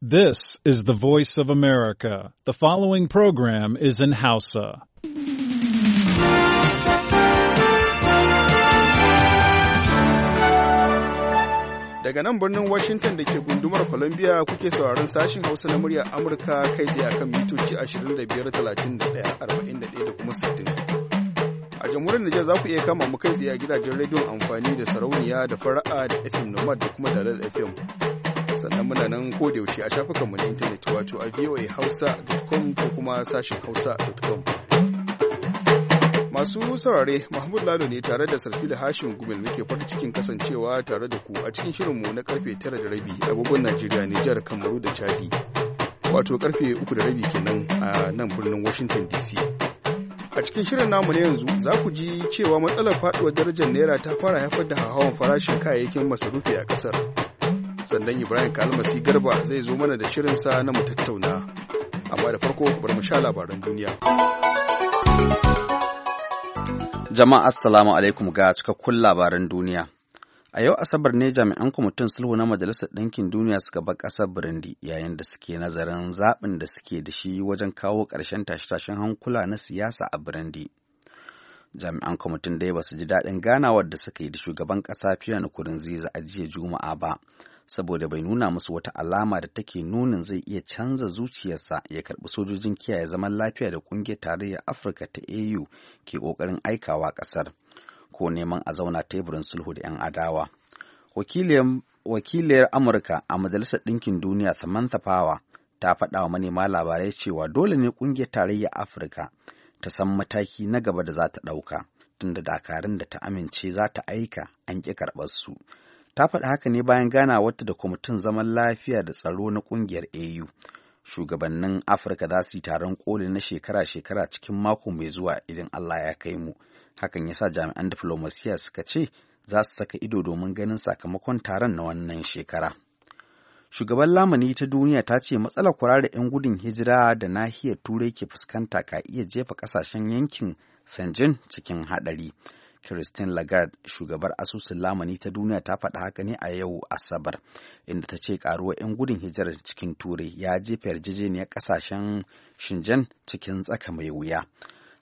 This is the voice of America. The following program is in Hausa. Daga nan birnin Washington da ke gundumar Columbia kuke sauraron sashin Hausa na murya Amurka kai tsaye akan mitoci 25, 31, 41 da kuma 60. a jamhuriyar Nijar za ku iya kama mu kai tsaye a gidajen rediyon amfani da sarauniya da fara'a da FM Nomad da kuma Dalar FM. sannan muna nan yaushe a shafukanmu na intanet wato a hausa.com ko kuma sashen hausa.com masu saurare mahmud lalo ne tare da sarfila hashim gumel muke farin cikin kasancewa tare da ku a cikin shirinmu na karfe tara da rabi agogon najeriya nijar kamaru da chadi wato karfe uku da rabi kenan a nan birnin washington dc a cikin shirin namu na yanzu za ku ji cewa matsalar faduwar darajar naira ta fara haifar da hauhawar farashin kayayyakin masarufi a kasar sannan ibrahim kalmasi garba zai zo mana da shirinsa na mu tattauna amma da farko bari mu sha labaran duniya jama'a assalamu alaikum ga cikakkun labaran duniya a yau asabar ne jami'an kwamitin sulhu na majalisar ɗinkin duniya suka bar ƙasar burundi yayin da suke nazarin zaɓin da suke da shi wajen kawo ƙarshen tashe-tashen hankula na siyasa a burundi jami'an kwamitin dai ba su ji daɗin ganawar da suka yi da shugaban ƙasa fiye na ziza a jiya juma'a ba saboda bai nuna musu wata alama da take nunin zai iya canza zuciyarsa ya karbi sojojin kiyaye zaman lafiya da ƙungiyar tarayyar afirka ta au ke ƙoƙarin aikawa ƙasar ko neman a zauna teburin sulhu da 'yan adawa wakiliyar amurka a majalisar ɗinkin duniya samantha power ta faɗa wa manema labarai cewa dole ne ƙungiyar tarayyar afirka ta san mataki na gaba da za ta ɗauka tunda dakarun da ta amince za ta aika an ƙi karɓar su ta faɗi haka ne bayan wata da kwamitin zaman lafiya da tsaro na ƙungiyar au shugabannin afirka za su yi taron koli na shekara-shekara cikin mako mai zuwa idan allah ya kai mu hakan yasa jami'an diflomasiya suka ce za su saka ido domin ganin sakamakon taron na wannan shekara shugaban lamani ta duniya ta ce matsalar da 'yan gudun hijira da nahiyar turai ke fuskanta ka iya jefa kasashen yankin sanjin cikin haɗari Christine Lagarde, shugabar asusun lamani ta duniya ta faɗa haka ne a yau Asabar, inda ta ce karuwar 'yan gudun hijirar cikin Turai ya jefa yarjejeniyar ƙasashen shinjan cikin tsaka mai wuya.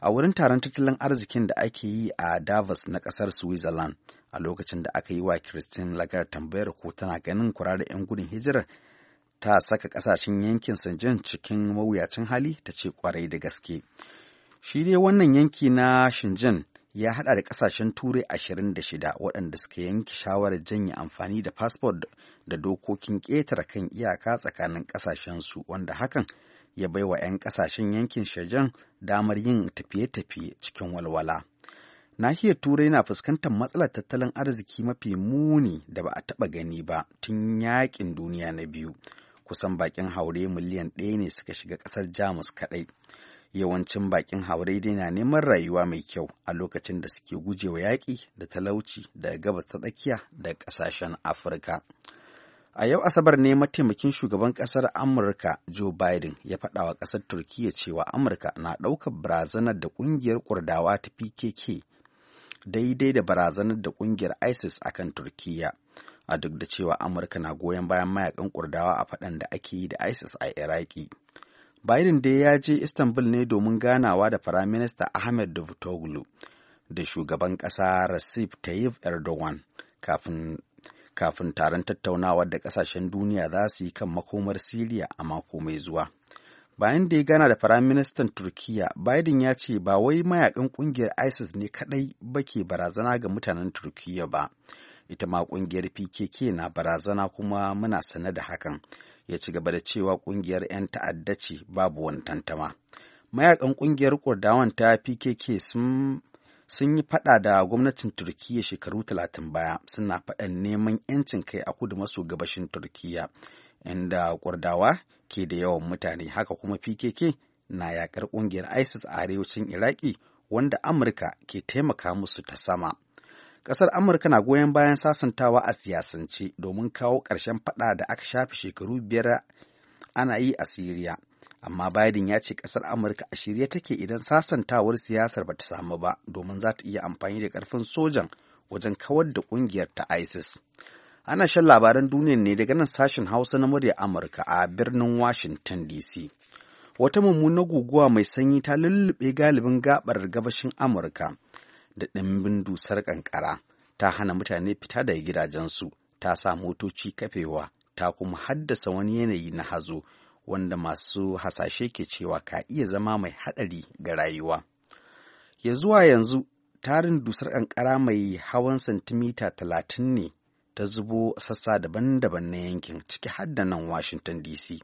A wurin taron tattalin arzikin da ake yi a Davos na ƙasar Switzerland, a lokacin da aka yi wa Christine Lagarde tambayar ko tana ganin da 'yan gudun hijirar ta saka ƙasashen yankin Shenzhen cikin mawuyacin hali ta ce kwarai da gaske. Shi dai wannan yanki na Shenzhen ya hada da kasashen turai ashirin da shida, waɗanda suka yanke shawarar janye amfani da fasfod da dokokin ƙetare kan iyaka tsakanin su, wanda hakan ya bai wa 'yan ƙasashen yankin shajen damar yin tafiye-tafiye cikin walwala. Nahiyar Turai na fuskantar matsalar tattalin arziki mafi muni da ba a taɓa gani ba tun yakin duniya na biyu. Kusan bakin haure miliyan ɗaya ne suka shiga ƙasar Jamus kaɗai. yawancin bakin haure dai na neman rayuwa mai kyau a lokacin da suke gujewa yaƙi da talauci daga gabas ta tsakiya da ƙasashen afirka a yau asabar ne mataimakin shugaban ƙasar amurka joe biden ya faɗa wa ƙasar turkiyya cewa amurka na ɗaukar barazanar da ƙungiyar kurdawa ta pkk daidai da barazanar da ƙungiyar isis a kan turkiyya a duk da cewa amurka na goyon bayan mayakan kurdawa a faɗan da ake yi da isis a iraki Biden dai ya je Istanbul ne domin ganawa da Firaminista Ahmed Davutoglu da shugaban ƙasa Recep Tayyip Erdogan kafin kafin taron tattaunawar da ƙasashen duniya za su yi kan makomar Siriya a mako mai zuwa. Bayan da ya gana da Firaministan Turkiyya, Biden ya ce ba wai mayakan ƙungiyar ISIS ne kaɗai ba ke barazana ga mutanen Turkiyya ba. Ita ma ƙungiyar PKK na barazana kuma muna sane da hakan. ya ci gaba da cewa kungiyar 'yan ta'adda ce babu wani tantama. Mayakan kungiyar kurdawan ta PKK sun yi fada da gwamnatin Turkiyya shekaru talatin baya suna faɗan neman 'yancin kai a kudu maso gabashin Turkiyya inda kurdawa ke da yawan mutane haka kuma PKK na yakar kungiyar ISIS a arewacin Iraki wanda Amurka ke taimaka musu ta sama. Ƙasar Amurka na goyon bayan sasantawa a siyasance domin kawo ƙarshen faɗa da aka shafe shekaru biyar ana yi a Siriya. Amma Biden ya ce ƙasar Amurka a shirye take idan sasantawar siyasar ba ta samu ba domin za ta iya amfani da ƙarfin sojan wajen kawar da ƙungiyar ta ISIS. Ana shan labaran duniya ne daga nan sashen Hausa na murya Amurka a birnin Washington DC. Wata mummunar guguwa mai sanyi ta lulluɓe galibin gabar gabashin Amurka. da ɗimbin dusar ƙanƙara ta hana mutane fita daga gidajensu ta sa motoci kafewa ta kuma haddasa wani yanayi na hazo wanda masu hasashe ke cewa ka iya zama mai haɗari ga rayuwa ya zuwa yanzu tarin dusar ƙanƙara mai hawan santimita talatin ne ta zubo sassa daban-daban na yankin ciki haddana nan washington dc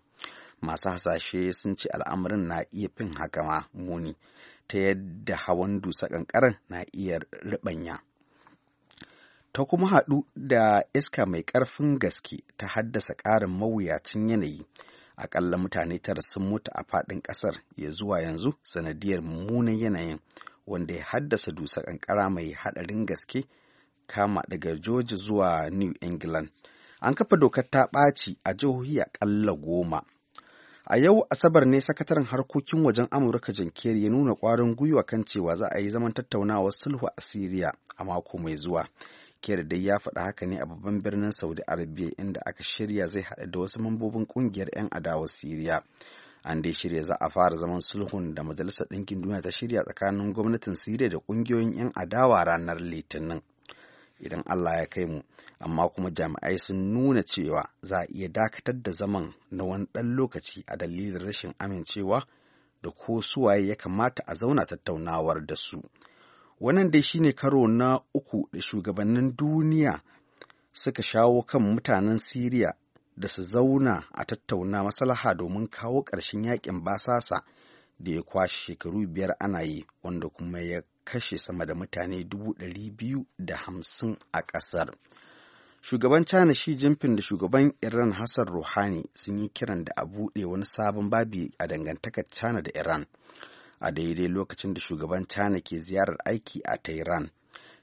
masu hasashe sun ce al'amarin na iya fin haka ma muni ta yadda hawan dusa ƙanƙarar na iya riɓanya. Ta kuma haɗu da iska mai ƙarfin gaske ta haddasa ƙarin mawuyacin yanayi. Aƙalla mutane tara sun mutu a faɗin ƙasar ya zuwa yanzu sanadiyar mummunan yanayin wanda ya haddasa dusa ƙanƙara mai haɗarin gaske kama daga George zuwa New England. An kafa dokar ta ɓaci a jihohi aƙalla goma A yau Asabar ne sakataren harkokin wajen Amurka John ya nuna ƙwarin gwiwa kan cewa za a yi zaman tattaunawa sulhu a Siriya a mako mai zuwa. Kerry dai ya faɗa haka ne a babban birnin Saudi Arabia inda aka shirya zai haɗu da wasu mambobin ƙungiyar 'yan adawa Siriya. An dai shirya za a fara zaman sulhun da Majalisar Ɗinkin Duniya ta shirya tsakanin gwamnatin Siriya da ƙungiyoyin 'yan adawa ranar Litinin. idan Allah ya kai mu amma kuma jami'ai sun nuna cewa za a iya dakatar da zaman na wani ɗan lokaci a dalilin rashin amincewa da ko suwaye ya kamata a zauna tattaunawar da su wannan dai shine karo na uku da shugabannin duniya suka shawo kan mutanen siriya da su zauna a tattauna maslaha domin kawo ƙarshen yakin basasa da ya kwashe shekaru biyar ana yi wanda kuma ya kashe sama da mutane hamsin a ƙasar. Shugaban China shi, Jinping da shugaban Iran Hassan Rouhani sun yi kiran da a buɗe wani sabon babi a dangantakar China da Iran. A daidai lokacin da shugaban China ke ziyarar aiki a Tehran,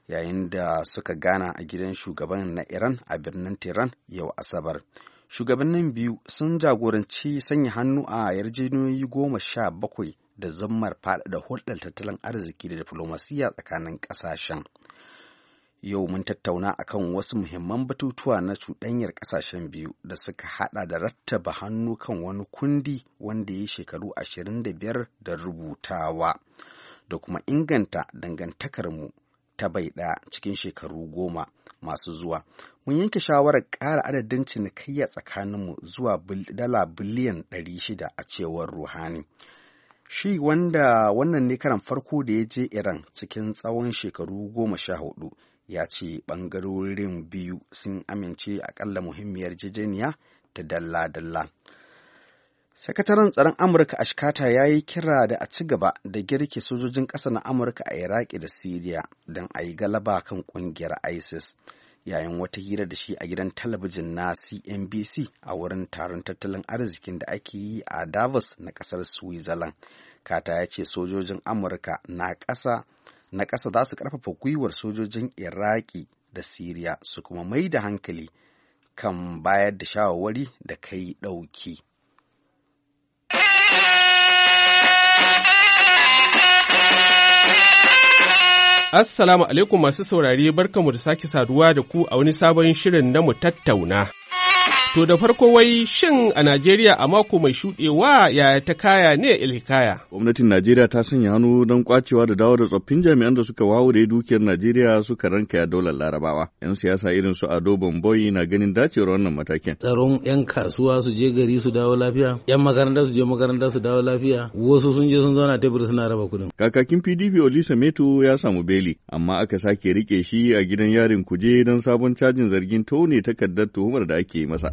yayin da suka gana a gidan shugaban na Iran a birnin Tehran yau Asabar. Shugabannin biyu sun jagoranci sanya hannu a yarjejeniyoyi goma sha bakwai da zammar faɗaɗa hulɗar tattalin arziki da diflomasiyya tsakanin ƙasashen. Yau mun tattauna akan wasu muhimman batutuwa na cuɗanyar ƙasashen biyu da suka haɗa da rattaba hannu kan wani kundi wanda ya shekaru 25 da rubutawa da kuma inganta dangantakarmu ta bai ɗaya cikin shekaru goma masu zuwa. Mun yanke shawarar ƙara adadin cinikayya tsakaninmu zuwa dala biliyan 600 a cewar Ruhani. Shi wanda wannan ne karan farko da ya je Iran cikin tsawon shekaru goma sha hudu ya ce ɓangarorin biyu sun amince akalla muhimmiyar jejeniya ta dalla-dalla. Sakataren tsaron Amurka Ashkata ya yi kira da a ci gaba da girki sojojin ƙasa na Amurka a Iraki da Siriya don a yi galaba kan ƙungiyar ISIS. yayin wata hira da shi a gidan talabijin na CNBC a wurin taron tattalin arzikin da ake yi a Davos na kasar Switzerland. Kata ya ce sojojin Amurka na ƙasa za su ƙarfafa gwiwar sojojin Iraki da Siriya su kuma mai da hankali kan bayar da shawarwari da kai ɗauki. Assalamu alaikum masu saurari, barkamu da sake saduwa da ku a wani sabon shirin na mu tattauna. To da farko wai shin a Najeriya a mako mai shuɗewa ya ta kaya ne ilhikaya? Gwamnatin Najeriya ta sanya hannu don kwacewa da dawo da tsoffin jami'an da suka da dukiyar Najeriya suka ranka ya daular Larabawa. 'Yan siyasa irin su Ado Bomboyi na ganin dacewar wannan matakin. Tsaron 'yan kasuwa su je gari su dawo lafiya, 'yan makaranta su je makaranta su dawo lafiya, wasu sun je sun zauna tebur suna raba kuɗin. Kakakin PDP Olisa Metu ya samu beli, amma aka sake rike shi a gidan yarin kuje don sabon cajin zargin tone takardar tuhumar da ake masa.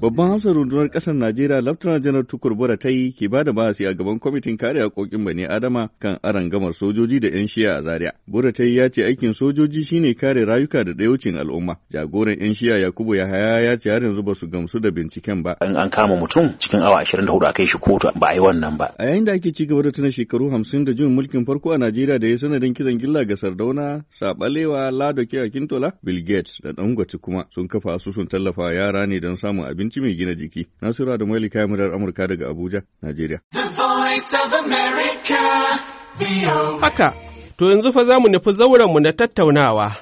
Babban hafsar rundunar ƙasar Najeriya Laftanar Janar Tukur Bora ta yi ke ba da bahasi a gaban kwamitin kare haƙoƙin bani Adama kan gamar sojoji da 'yan shiya a Zaria. Bora ta yi ya ce aikin sojoji shine kare rayuka da ɗayaucin al'umma. Jagoran 'yan shiya Yakubu Yahaya ya ce har yanzu ba su gamsu da binciken ba. An an kama mutum cikin awa 24 a kai shi kotu ba a yi wannan ba. A yayin da ake ci gaba da tuna shekaru hamsin da juyin mulkin farko a Najeriya da ya sanadin kisan gilla ga Sardauna, Saɓalewa, Lado Kiyakintola, Bill Gates da Dangote kuma sun kafa asusun tallafa yara ne don samun abinci mai gina jiki. Nasiru da Maili Kamilar Amurka daga Abuja, Najeriya. Haka, to yanzu fa za mu nufi zaurenmu na tattaunawa,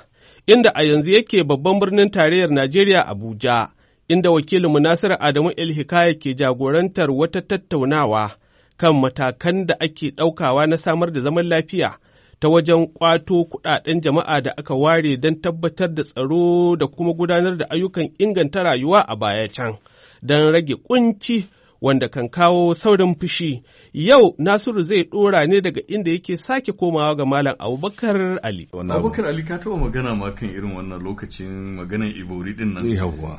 inda a yanzu yake babban birnin tarayyar Najeriya Abuja, inda wakilinmu Nasiru Adamu Elhikaya ke jagorantar wata tattaunawa kan matakan da ake ɗaukawa na samar da zaman lafiya. ta wajen kwato kudaden jama'a da aka ware don tabbatar da tsaro da kuma gudanar da ayyukan inganta rayuwa a baya can don rage kunci wanda kan kawo saurin fushi Yau Nasiru zai ɗora ne daga inda yake sake komawa ga Malam Abubakar Ali. Abubakar Ali ka taɓa magana ma kan irin wannan lokacin maganar Ibori din nan.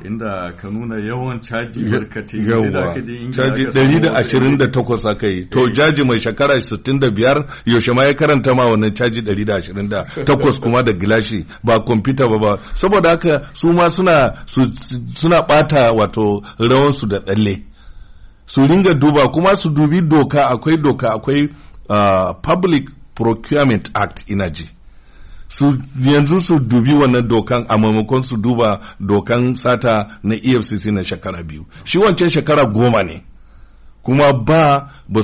Inda ka nuna yawan caji ka te da Caji ɗari da ashirin da takwas aka yi. To jaji eh. mai shekara sittin da biyar yaushe ma ya karanta ma wannan caji ɗari da ashirin da takwas kuma da gilashi ba kwamfuta ba ba. Saboda haka su ma suna ɓata wato rawansu da tsalle. su ringa duba kuma su dubi doka akwai doka akwai uh, public procurement act ina su yanzu su dubi wannan dokan a maimakon su duba dokan sata na efcc na shekara biyu shi wancan shekara goma ne kuma ba ba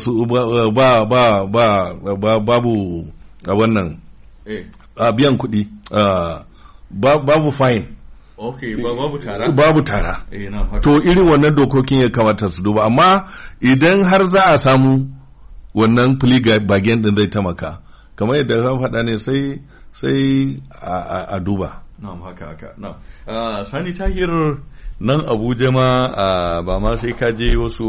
ba ba ba ba babu eh. a wannan biyan kuɗi ah, babu fine Okay, babu tara? Babu tara. Eh, to irin wannan dokokin ya kamata su duba, amma idan har za a samu wannan fili bagen din zai taimaka, kamar yadda zan faɗa ne sai a duba. Na'am haka haka. Na'am. Sani Tahir nan Abuja ma ba ma sai ka je wasu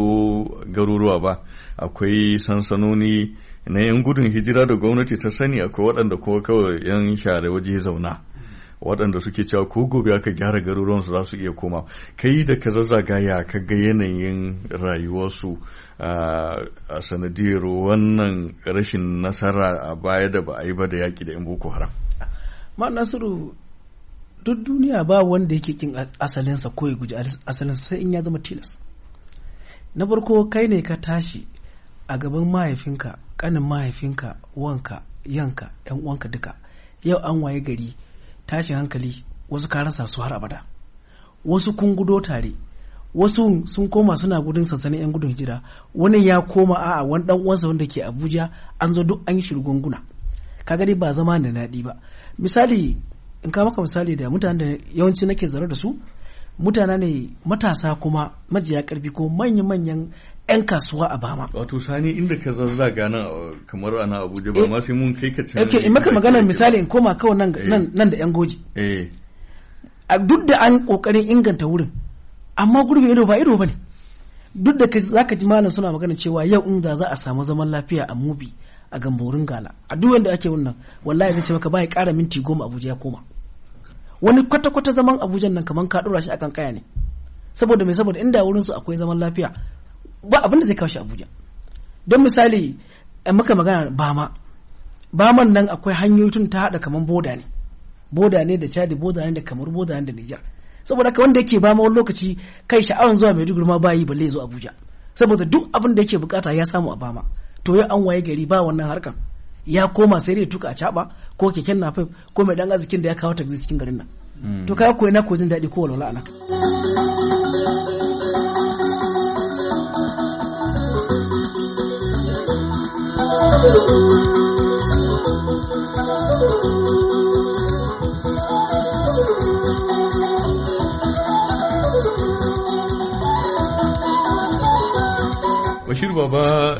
garuruwa ba. Akwai sansanoni na 'yan gudun hijira da gwamnati ta sani akwai waɗanda kuma kawai 'yan share waje zauna. waɗanda suke cewa ko gobe aka gyara garuruwan su za su iya koma kai da ka zazzaga ka ga yanayin rayuwarsu a sanadiyar wannan rashin nasara a baya da ba a yi ba da yaƙi da 'yan boko haram ma nasiru duk duniya ba wanda yake kin asalinsa ko ya guji asalinsa sai in ya zama tilas na farko kai ne ka tashi a gaban mahaifinka kanin mahaifinka wanka yanka yan uwanka duka yau an waye gari tashin hankali wasu ka rasa su har abada wasu kun gudo tare wasu sun koma suna gudun sansanin yan gudun hijira wani ya koma a'a wani dan uwansa wanda ke Abuja an zo duk an yi shirgunguna ka gani ba zama da daɗi ba misali in ka maka misali da mutanen da yawanci nake zare da su mutane ne matasa kuma majiya karfi ko manya-manyan 'yan kasuwa a bama. Wato sani inda ka zazzaga nan uh, kamar ana Abuja ba eh, ma sai mun kai ka can. Okay, in maka maganar misali in koma kawai nan eh. da 'yan goji. Eh. Duk da an kokarin inganta wurin amma gurbin ido ba ido ba ne. Duk da ka ji malam suna magana cewa yau in za za a samu zaman lafiya a mubi a gamborin Gala a duk wanda ake wannan wallahi zai ce maka ba ya kara minti goma Abuja ya koma. wani kwata-kwata zaman abuja nan kamar ka dora shi akan kaya ne saboda mai saboda inda wurin su akwai zaman lafiya ba abin da zai kawo shi abuja don misali muka magana bama baman nan akwai hanyoyi tun ta hada kamar boda ne boda ne da chadi boda ne da kamar boda ne da nijar saboda haka wanda yake bama wani lokaci kai sha'awan zuwa maiduguri ma bayi balle zo abuja saboda duk abin da yake bukata ya samu a bama to yau an waye gari ba wannan harkan ya koma sai dai tuka a caba ko keken na nafif ko mai dan arzikin da ya kawo taxi cikin garin nan mm. to kai koyi na ko jin daɗi ko walwala anan Bashir Baba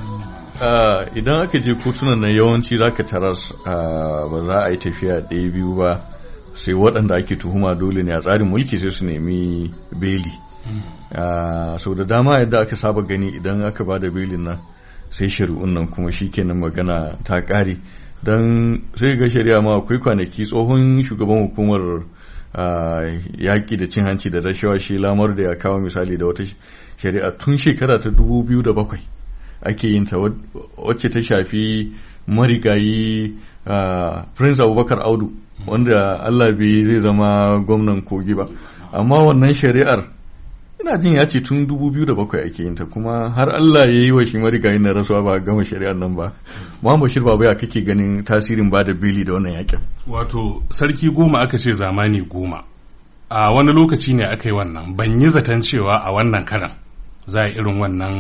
Eh, idan aka je kotunan na yawanci za ka taras eh, ba za a yi tafiya ɗaya biyu ba sai waɗanda ake tuhuma dole ne a tsarin mulki sai su nemi beli hmm. eh, sau da dama yadda aka saba gani idan aka ba da belin nan sai shari'un nan kuma shi kenan magana ta ƙare don sai ga shari'a ma akwai kwanaki tsohon shugaban hukumar yaƙi da cin hanci da rashawa shi lamar da ya kawo misali da wata shari'a tun shekara ta dubu biyu da bakwai. ake yin ta wacce ta shafi marigayi ah, prince abubakar audu wanda allah bai zai zama gwamnan kogi ba amma wannan shari'ar ina jin ya ce tun 2007 ake yin kuma har allah ya yi wa shi marigayi na rasuwa ba gama shari'ar nan ba muhammad shirba baya kake ganin tasirin ba da bili da wannan yakin wato sarki goma aka ce zamani goma a wani lokaci ne aka yi wannan ban yi zaton cewa a wannan karan za a irin wannan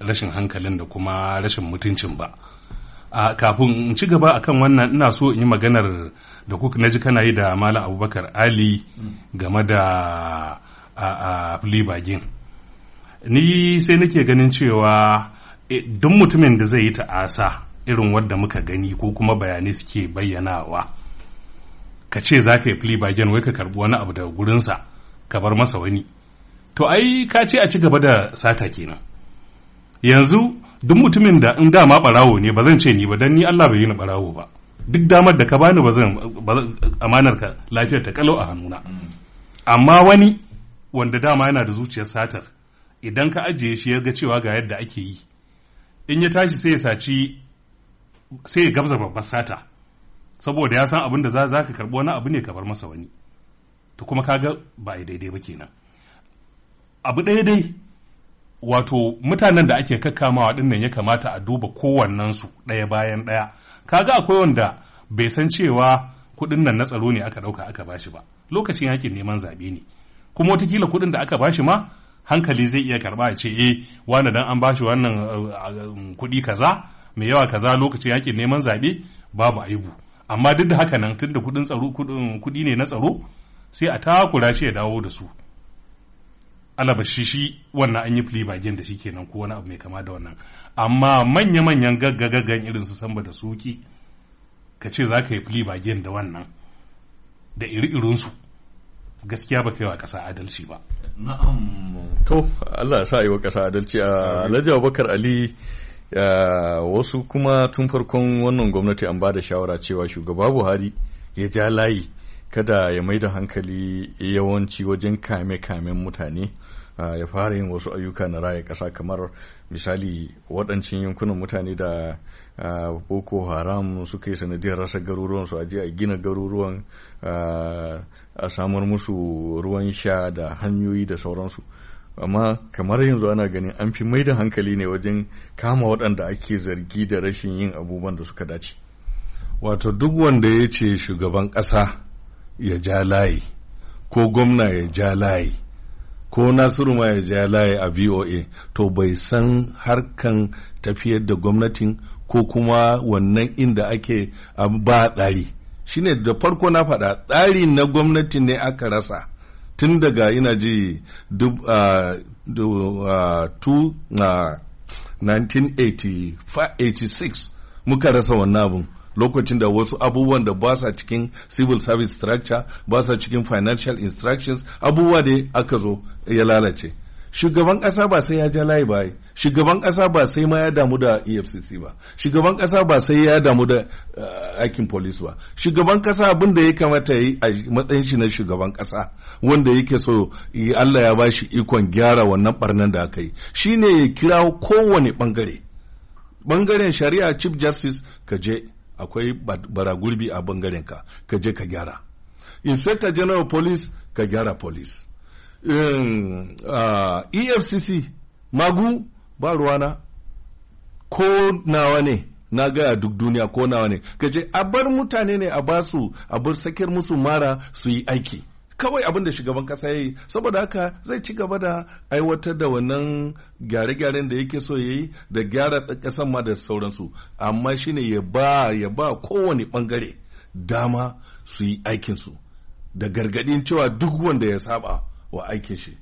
rashin hankalin da kuma rashin mutuncin ba a kafin in ci gaba akan wannan ina so in yi maganar da na ji kana yi da malam abubakar ali game da a ni sai nake ganin cewa e, duk mutumin da zai yi ta'asa irin wadda muka gani ko kuma bayanai suke bayyanawa ka ce za ka yi bagin wai ka karbi wani abu daga gurinsa ka bar masa wani to ai ka ce a ci gaba da sata kenan yanzu duk mutumin da in dama barawo ne ba zan ce ni ba dan ni Allah bai yi ni barawo ba duk damar da ka bani ba zan amanar ka lafiyar ta kalau a hannuna amma wani wanda dama yana da zuciyar satar idan ka ajiye shi ya ga cewa ga yadda ake yi in ya tashi sai ya saci sai ya gabza babbar sata saboda ya san abin da za ka karbi wani abu ne ka bar masa wani to kuma kaga ba daidai ba kenan abu ɗaya dai wato mutanen da ake kakkamawa ɗin nan ya kamata a duba kowannensu ɗaya bayan ɗaya kaga akwai wanda bai san cewa kuɗin nan na tsaro ne aka ɗauka aka bashi ba lokacin yakin neman zaɓe ne kuma watakila kuɗin da aka bashi ma hankali zai iya karɓa a ce eh wani dan an bashi wannan eh, kuɗi kaza mai yawa kaza lokacin yakin neman zaɓe babu aibu amma duk da haka nan tunda kuɗin tsaro kuɗi ne na tsaro sai a takura shi ya dawo da su Alaba shi wannan an yi fili da shi kenan ko wani abu mai kama da wannan amma manya-manyan gaggagan irin su samba da suki ka ce za ka yi fili bagen da wannan da iri-irinsu gaskiya ba wa ƙasa adalci ba na'am to Allah sa yi wa kasa adalci a Alhaji Abubakar Ali wasu kuma tun farkon wannan gwamnati an ba da shawara cewa shugaba Buhari ya ja layi kada ya mai da hankali yawanci wajen kame-kamen mutane ya fara yin wasu ayyuka na raya ƙasa kamar misali waɗancin yankunan mutane da boko haram suka yi sanadiyar rasa garuruwan su je a gina garuruwan a samar musu ruwan sha da hanyoyi da sauransu amma kamar yanzu ana ganin an fi mai da hankali ne wajen kama waɗanda ake zargi da rashin yin abubuwan da suka dace wato duk wanda ya ce shugaban ƙasa ya ja layi ko gwamna ya ja layi ko nasiru ma ya ja laye a voa to bai san harkan tafiyar da gwamnatin ko kuma wannan inda ake ba tsari shine da farko na faɗa tsari na gwamnati ne aka rasa tun daga ina ji 1986 muka rasa wannan abin. lokacin da wasu abubuwan da ba sa cikin civil service structure ba sa cikin financial instructions abubuwa da aka zo ya lalace shugaban kasa ba sai ya ja layi ba shugaban ƙasa ba sai ma ya damu da efcc ba shugaban kasa ba sai ya damu da eh, aikin police ba shugaban kasa abin da ya kamata ya yi a matsayin shi na shugaban kasa wanda yake so allah ya bashi ikon gyara wannan barnan da aka yi shine ya kirawo kowane bangare bangaren shari'a chief justice ka je akwai gurbi a bangaren ka ka je ka gyara inspector general police ka gyara police in efcc magu ba ruwana ko nawa ne na gaya duk duniya ko nawa ne ka je a bar mutane ne a basu a bar sakir musu mara su yi aiki kawai abin da shugaban kasa ya yi saboda haka zai ci gaba da aiwatar da wannan gyare-gyaren da yake so ya yi da gyara kasan ma da sauransu amma shine ya ba ya ba kowane bangare dama su yi aikinsu da gargadin cewa duk wanda ya saba wa aikin shi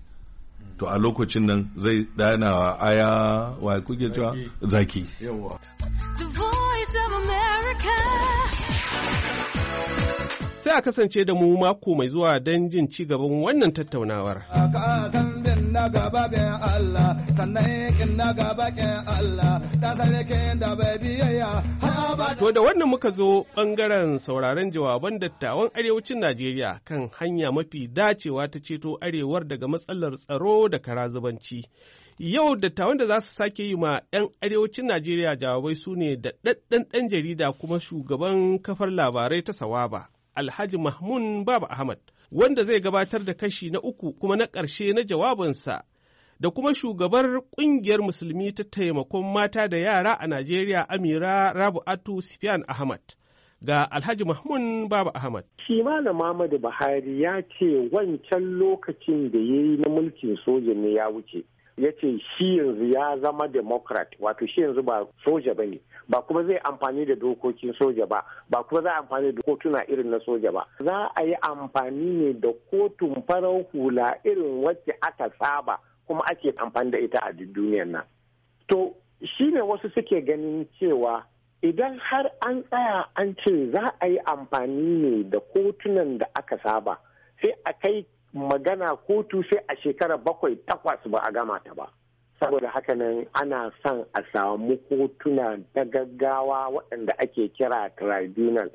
to a lokacin nan zai dana wa aya wa kuke cewa zaki yawa sai a kasance da mu mako mai zuwa don jin ci gaban wannan tattaunawar. To da wannan muka zo ɓangaren sauraron jawaban dattawan arewacin Najeriya kan hanya mafi dacewa ta ceto arewar daga matsalar tsaro da karazubanci. Yau dattawan da za su sake yi ma 'yan arewacin Najeriya jawabai su ne da ɗan jarida kuma shugaban kafar labarai ta Sawaba. Alhaji Mahmun Baba Ahmad, wanda zai gabatar da kashi na uku kuma na ƙarshe na jawabinsa, da kuma shugabar ƙungiyar musulmi ta taimakon mata da yara a Najeriya Amira Rabu'atu Sufyan Ahmad. Ga Alhaji Mahmun Baba Ahmad. Shi Malam Muhammadu Buhari ya ce wancan lokacin da ya yi na mulkin soja ne ya wuce. ya ce shi yanzu ya zama democrat wato shi yanzu ba soja ba ne ba kuma zai amfani da dokokin soja ba ba kuma za amfani da kotuna irin na soja ba za a yi amfani ne da kotun farar hula irin wacce aka saba kuma ake amfani da ita a duniyar nan to shi ne wasu suke ganin cewa idan har an tsaya an ce za a yi amfani ne da kotunan da aka saba sai a kai magana kotu sai a shekara bakwai takwas ba a gama ta ba saboda haka nan ana son a samu kotuna na gaggawa waɗanda ake kira tribunal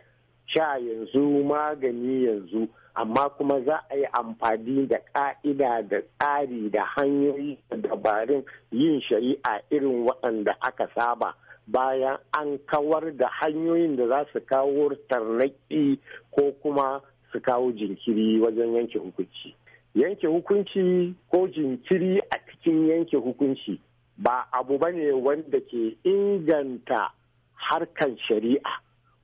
sha yanzu magani yanzu amma kuma za a yi amfani da ka'ida da tsari da hanyoyi da dabarun yin shari'a irin waɗanda aka saba bayan an kawar da hanyoyin da za su kawo tarnaki ko kuma su kawo jinkiri wajen yanke hukunci yanke hukunci ko jinkiri a cikin yanke hukunci ba abu ba ne wanda ke inganta harkan shari'a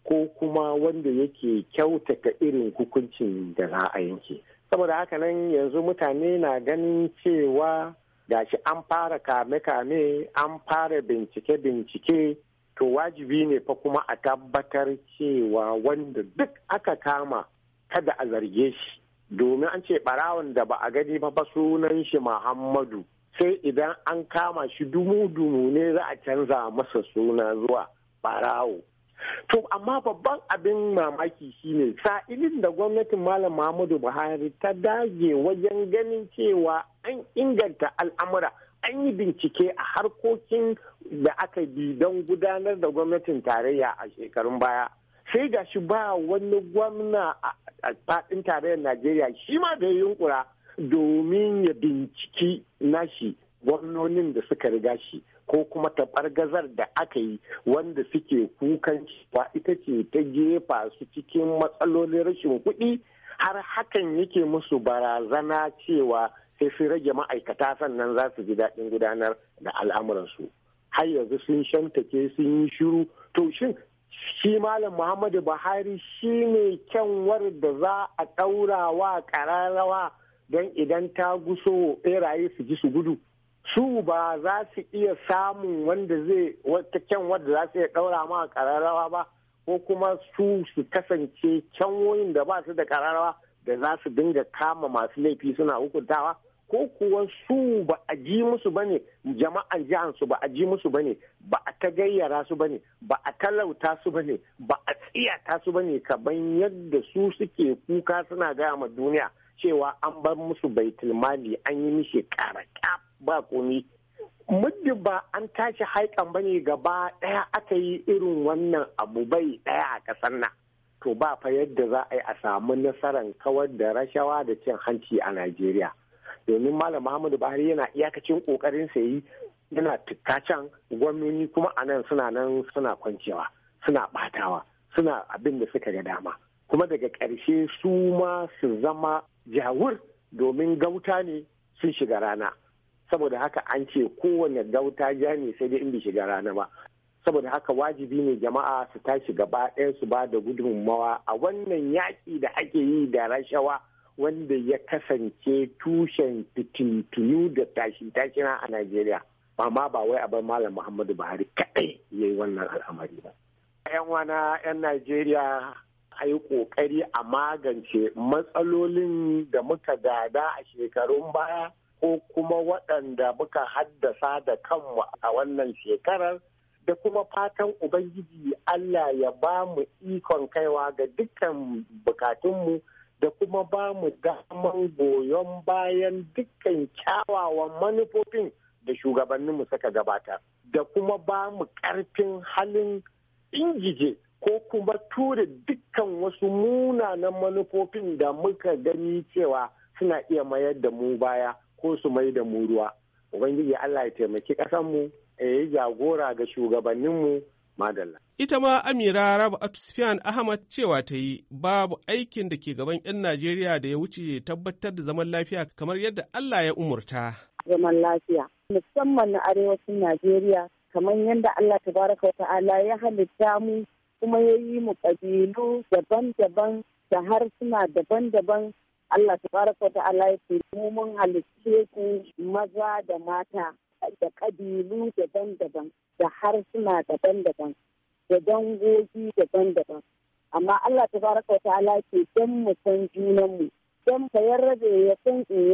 ko kuma wanda yake kyautata irin hukuncin da za a yanke saboda haka nan yanzu mutane na ganin cewa gashi an fara kame-kame an fara bincike-bincike to wajibi ne fa kuma a tabbatar cewa wanda duk aka kama kada a zarge shi domin an ce barawon da ba a gani ba sunan shi muhammadu sai idan an kama shi dumu-dumu ne za a canza masa suna zuwa barawo to amma babban abin mamaki shine sa'ilin da gwamnatin malam muhammadu buhari ta dage wajen ganin cewa an inganta al'amura an yi bincike a harkokin da aka bi don gudanar da gwamnatin tarayya a shekarun baya sai ga shi ba wani gwamna a faɗin tarayyar najeriya shi ma da yunkura domin ya binciki nashi gwamnonin da suka riga shi ko kuma taɓargazar da aka yi wanda suke kukan cewa ita ce ta gefa su cikin matsalolin rashin kuɗi har hakan yake musu barazana cewa sai su rage ma'aikata sannan za su ji daɗin gudanar da al'amuransu har yanzu sun shantake sun yi shiru to shin shi malam muhammadu buhari shi ne kyanwar da za a ɗaura wa ƙararrawa don idan ta guso ɓeraye su ji su gudu su ba za su iya samun wanda zai wata kyanwar da za su iya ɗaura ma ƙararrawa ba ko kuma su su kasance kyanwoyin da ba su da ƙararrawa da za su dinga kama masu laifi suna hukuntawa ko kuwa su ba a ji musu ba ne jama'an jihansu ba a ji musu ba ne ba a ta gayyara su ba ne ba a talauta su ba ne ba a tsiyata su ba ne kaban yadda su suke kuka suna gaya ma duniya cewa an bar musu bai baitulmali an yi mishi kara ba komi muddin ba an tashi haikan ba ne gaba ɗaya aka yi irin wannan abu bai ɗaya a ƙasar nan to ba fa yadda za a yi a samu nasarar kawar da rashawa da cin hanci a najeriya domin malam muhammadu buhari yana iyakacin kokarin sa yi yana tukka gwamnoni kuma a nan suna nan suna kwancewa suna batawa suna abin da suka ga dama kuma daga ƙarshe su ma su zama jawur domin gauta ne sun shiga rana saboda haka an ce kowane gauta ja ne sai dai in bai shiga rana ba saboda haka wajibi ne jama'a su tashi gaba ɗaya su ba da gudunmawa a wannan yaƙi da ake yi da rashawa wanda ya kasance tushen fitintunu da tashin tashina a Najeriya. Mama ba wai abin Malam Muhammadu Buhari kaɗai ya yi wannan al'amari ba. 'Yan wana 'yan Najeriya a yi ƙoƙari a magance matsalolin da muka gada a shekarun baya ko kuma waɗanda muka haddasa da kanmu a wannan shekarar da kuma fatan Ubangiji Allah ya ba mu ikon kaiwa ga dukkan bukatunmu da kuma ba mu daman goyon bayan dukkan kyawawan manufofin da shugabanninmu suka gabata da kuma ba mu ƙarfin halin ingije ko kuma ture dukkan wasu munanan manufofin da muka gani cewa suna iya mayar da mu baya ko su mai da mu ruwa ubangiji allah ya taimaki ƙasanmu ya yi jagora ga shugabanninmu Madalla. Ita ma Amira Rabu Atusfiyan Ahmad cewa ta yi babu aikin da ke gaban 'yan Najeriya da ya wuce tabbatar da zaman lafiya kamar yadda Allah ya umurta. Zaman lafiya musamman na arewacin Najeriya kamar yadda Allah baraka wa ta'ala ya halitta mu kuma ya yi mu ƙabilu daban-daban da harsuna daban-daban Allah baraka wa ta'ala ya ce mu mun halitta maza da mata. da ƙabilu daban-daban da harsuna daban-daban da dangogi daban-daban amma Allah ta fara kauta ta'ala ke don mu san junanmu don ka yarrabe ya san in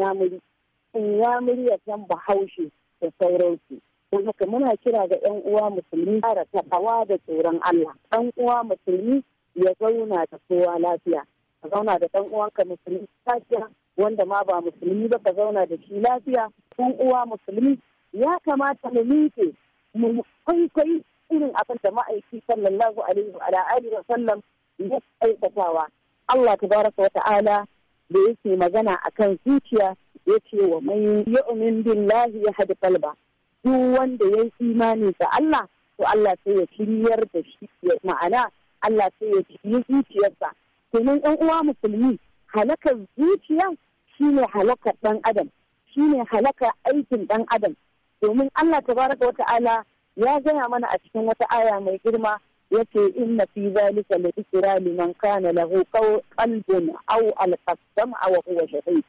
inyamuri in ya san bahaushe da sauransu don haka muna kira ga yan uwa musulmi fara taɓawa da tsoron Allah ɗan uwa musulmi ya zauna da kowa lafiya ka zauna da ɗan uwanka musulmi lafiya wanda ma ba musulmi ba ka zauna da shi lafiya ɗan uwa musulmi ya kamata mu miƙe mu kwaikwayi irin abin da ma'aiki sallallahu alaihi wa alihi wa sallam ya aikatawa Allah tabaraka wa ta'ala da yake magana akan zuciya ya ce wa mai yu'min billahi ya hadi duk wanda ya imani da Allah to Allah sai ya shiryar da shi ma'ana Allah sai ya shirye zuciyarsa Kuma ɗan uwa musulmi halakar zuciya shine halakar ɗan adam shine halakar aikin ɗan adam domin Allah Ta baraka wata ala ya gaya mana a cikin wata aya mai girma yace inna fi zalika la dhikra liman kana lahu qalbun aw al-qasam aw huwa shahid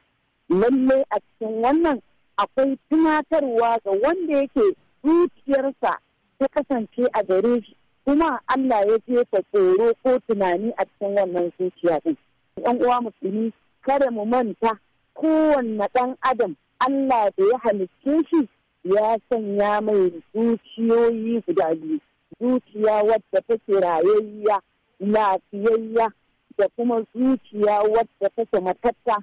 lalle a cikin wannan akwai tunatarwa ga wanda yake zuciyarsa ta kasance a gare shi kuma Allah ya je jefa tsoro ko tunani a cikin wannan zuciya din yan uwa musulmi kada mu manta kowanne ɗan adam Allah da ya halicce shi ya sanya mai zuciyoyi guda biyu zuciya wadda take rayayya lafiyayya da kuma zuciya wadda take matatta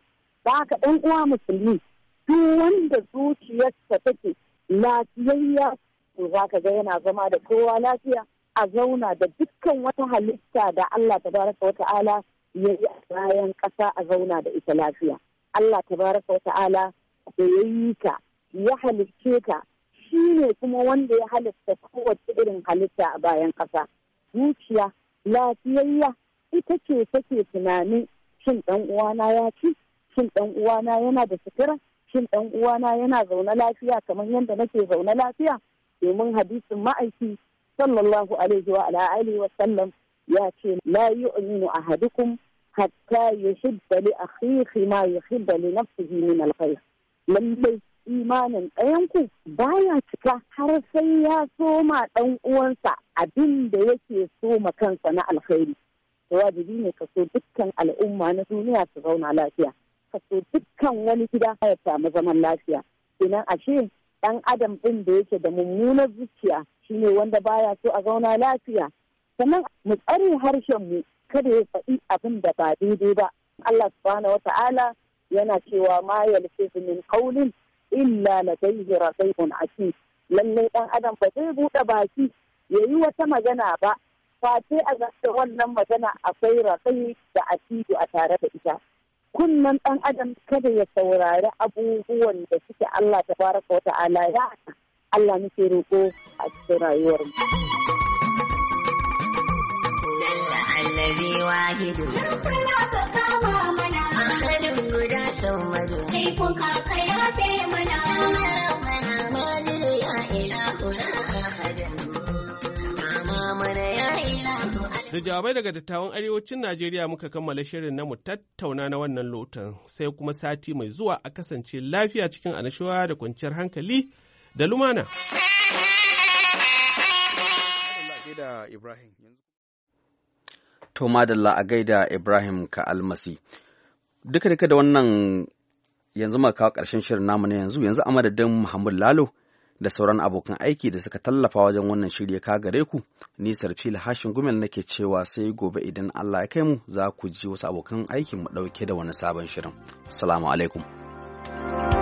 ba ka ɗan uwa musulmi duk wanda zuciyarsa take lafiyayya to za ka ga yana zama da kowa lafiya a zauna da dukkan wata halitta da Allah baraka wa ta'ala ya yi a bayan ƙasa a zauna da ita lafiya Allah ta tabaraka wa ta'ala da ya yi ka ya halicce ta shi ne kuma wanda ya halitta kowace irin halitta a bayan ƙasa zuciya lafiyayya ita ce take tunanin shin ɗan uwana ya ci shin ɗan uwana yana da sutura shin ɗan uwana yana zaune lafiya kamar yadda nake zaune lafiya domin hadisin ma'aiki sallallahu alaihi wa alaihi wa sallam ya ce la yu'minu ahadukum hatta yuhibba li akhihi ma yuhibba li nafsihi min al lallai imanin ɗayanku baya cika har sai ya soma ɗan uwansa abin da yake soma kansa na alkhairi. Wajibi ne ka so dukkan al'umma na duniya su zauna lafiya. Ka so dukkan wani gida ya samu zaman lafiya. Idan ashe ɗan adam ɗin da yake da mummunar zuciya shine wanda baya so a zauna lafiya. Sannan mu tsare harshen mu kada ya faɗi abin da ba daidai ba. Allah subhanahu wa ta'ala yana cewa ma yalfizu min qawlin illa ladayhi raqibun atid lallai dan adam ba zai buɗe baki yayi wata magana ba face a zance wannan magana akwai raƙai da atidu a tare da ita kunnan ɗan adam kada ya saurari abubuwan da suke Allah ta baraka wata ala ya Allah muke roƙo a cikin rayuwar mu. Jalla jawabai daga dattawan arewacin Najeriya muka kammala shirin namu tattauna na wannan lotan sai kuma sati mai zuwa a kasance lafiya cikin anashuwa da kwanciyar hankali da lumana. To madalla a gaida Ibrahim ka almasi. Duka-duka da wannan yanzu ma kawo ƙarshen shirin namu na yanzu yanzu a madadin Muhammad Lalo da sauran abokan aiki da suka tallafa wajen wannan shirya ka gare ku ni sarfil hashin gumel nake cewa sai gobe idan allah ya kai mu za ku ji wasu abokan aikin mu ɗauke da wani sabon shirin salamu alaikum thank you